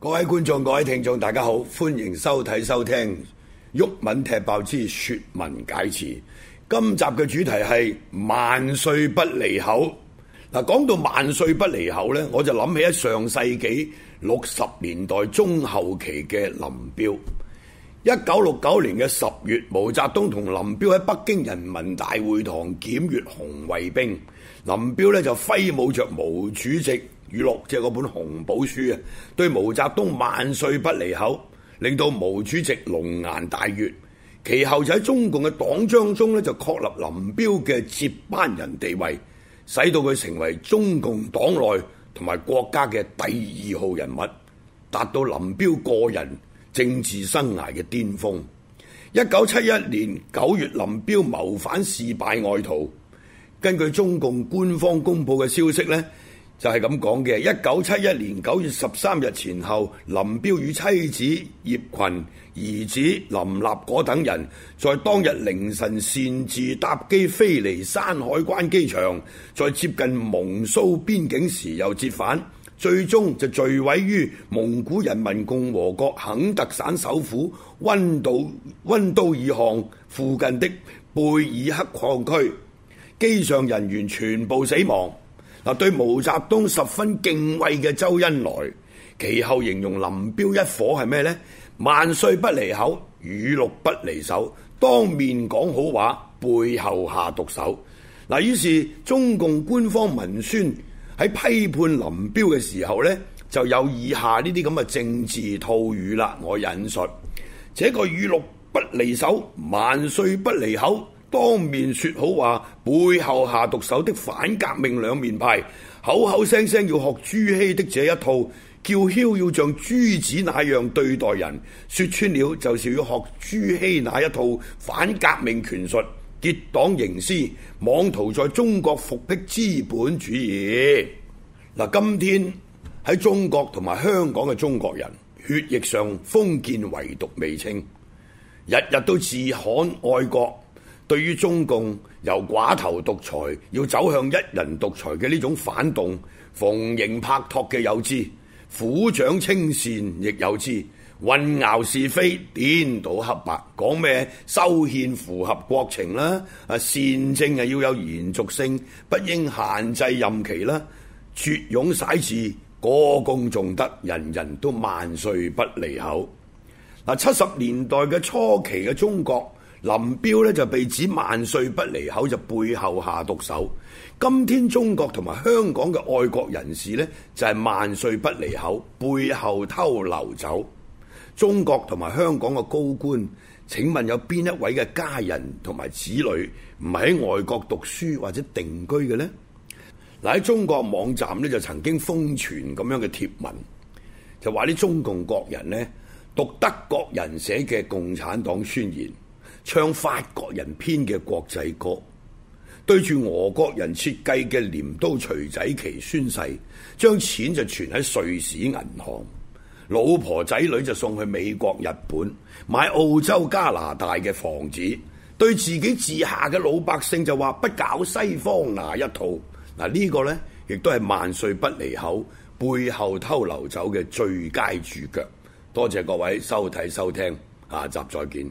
各位觀眾、各位聽眾，大家好，歡迎收睇、收聽《毓民踢爆之說文解詞》。今集嘅主題係萬歲不離口。嗱，講到萬歲不離口呢，我就諗起喺上世紀六十年代中後期嘅林彪。一九六九年嘅十月，毛澤東同林彪喺北京人民大會堂檢閱紅衛兵。林彪呢，就揮舞着毛主席。《語錄》即係嗰本紅寶書啊，對毛澤東萬歲不離口，令到毛主席龍顏大悅。其後就喺中共嘅黨章中咧，就確立林彪嘅接班人地位，使到佢成為中共黨內同埋國家嘅第二號人物，達到林彪個人政治生涯嘅巔峰。一九七一年九月，林彪謀反事敗外逃。根據中共官方公佈嘅消息呢。就係咁講嘅。一九七一年九月十三日前後，林彪與妻子葉群、兒子林立果等人，在當日凌晨擅自搭機飛離山海關機場，在接近蒙蘇邊境時又折返，最終就墜毀於蒙古人民共和國肯特省首府溫都溫都爾汗附近的貝爾克礦區，機上人員全部死亡。啊，對毛澤東十分敬畏嘅周恩來，其後形容林彪一伙係咩呢？「萬歲不離口，語錄不離手，當面講好話，背後下毒手」。嗱，於是中共官方文宣喺批判林彪嘅時候呢，就有以下呢啲咁嘅政治套語啦。我引述，這個語錄不離手，萬歲不離口。當面說好話，背後下毒手的反革命兩面派，口口聲聲要學朱熹的這一套，叫囂要像朱子那樣對待人，說穿了就是要學朱熹那一套反革命權術，結黨營私，妄圖在中國復辟資本主義。嗱，今天喺中國同埋香港嘅中國人，血液上封建遺毒未清，日日都自罕愛國。對於中共由寡頭獨裁要走向一人獨裁嘅呢種反動，逢迎拍拖嘅有之，苦腸清善亦有之，混淆是非、顛倒黑白，講咩修憲符合國情啦，啊，善政啊要有延續性，不應限制任期啦，説謊駛事，歌功頌德，人人都萬歲不離口。嗱，七十年代嘅初期嘅中國。林彪咧就被指萬歲不離口，就背後下毒手。今天中國同埋香港嘅愛國人士呢，就係萬歲不離口，背後偷溜走。中國同埋香港嘅高官，請問有邊一位嘅家人同埋子女唔係喺外國讀書或者定居嘅呢？嗱，喺中國網站呢，就曾經瘋傳咁樣嘅貼文，就話啲中共國人呢，讀德國人寫嘅共產黨宣言。唱法國人編嘅國際歌，對住俄國人設計嘅鎌刀錘仔旗宣誓，將錢就存喺瑞士銀行，老婆仔女就送去美國、日本買澳洲、加拿大嘅房子，對自己治下嘅老百姓就話不搞西方那一套。嗱，呢個呢，亦都係萬歲不離口，背後偷流走嘅最佳註腳。多謝各位收睇收聽，下集再見。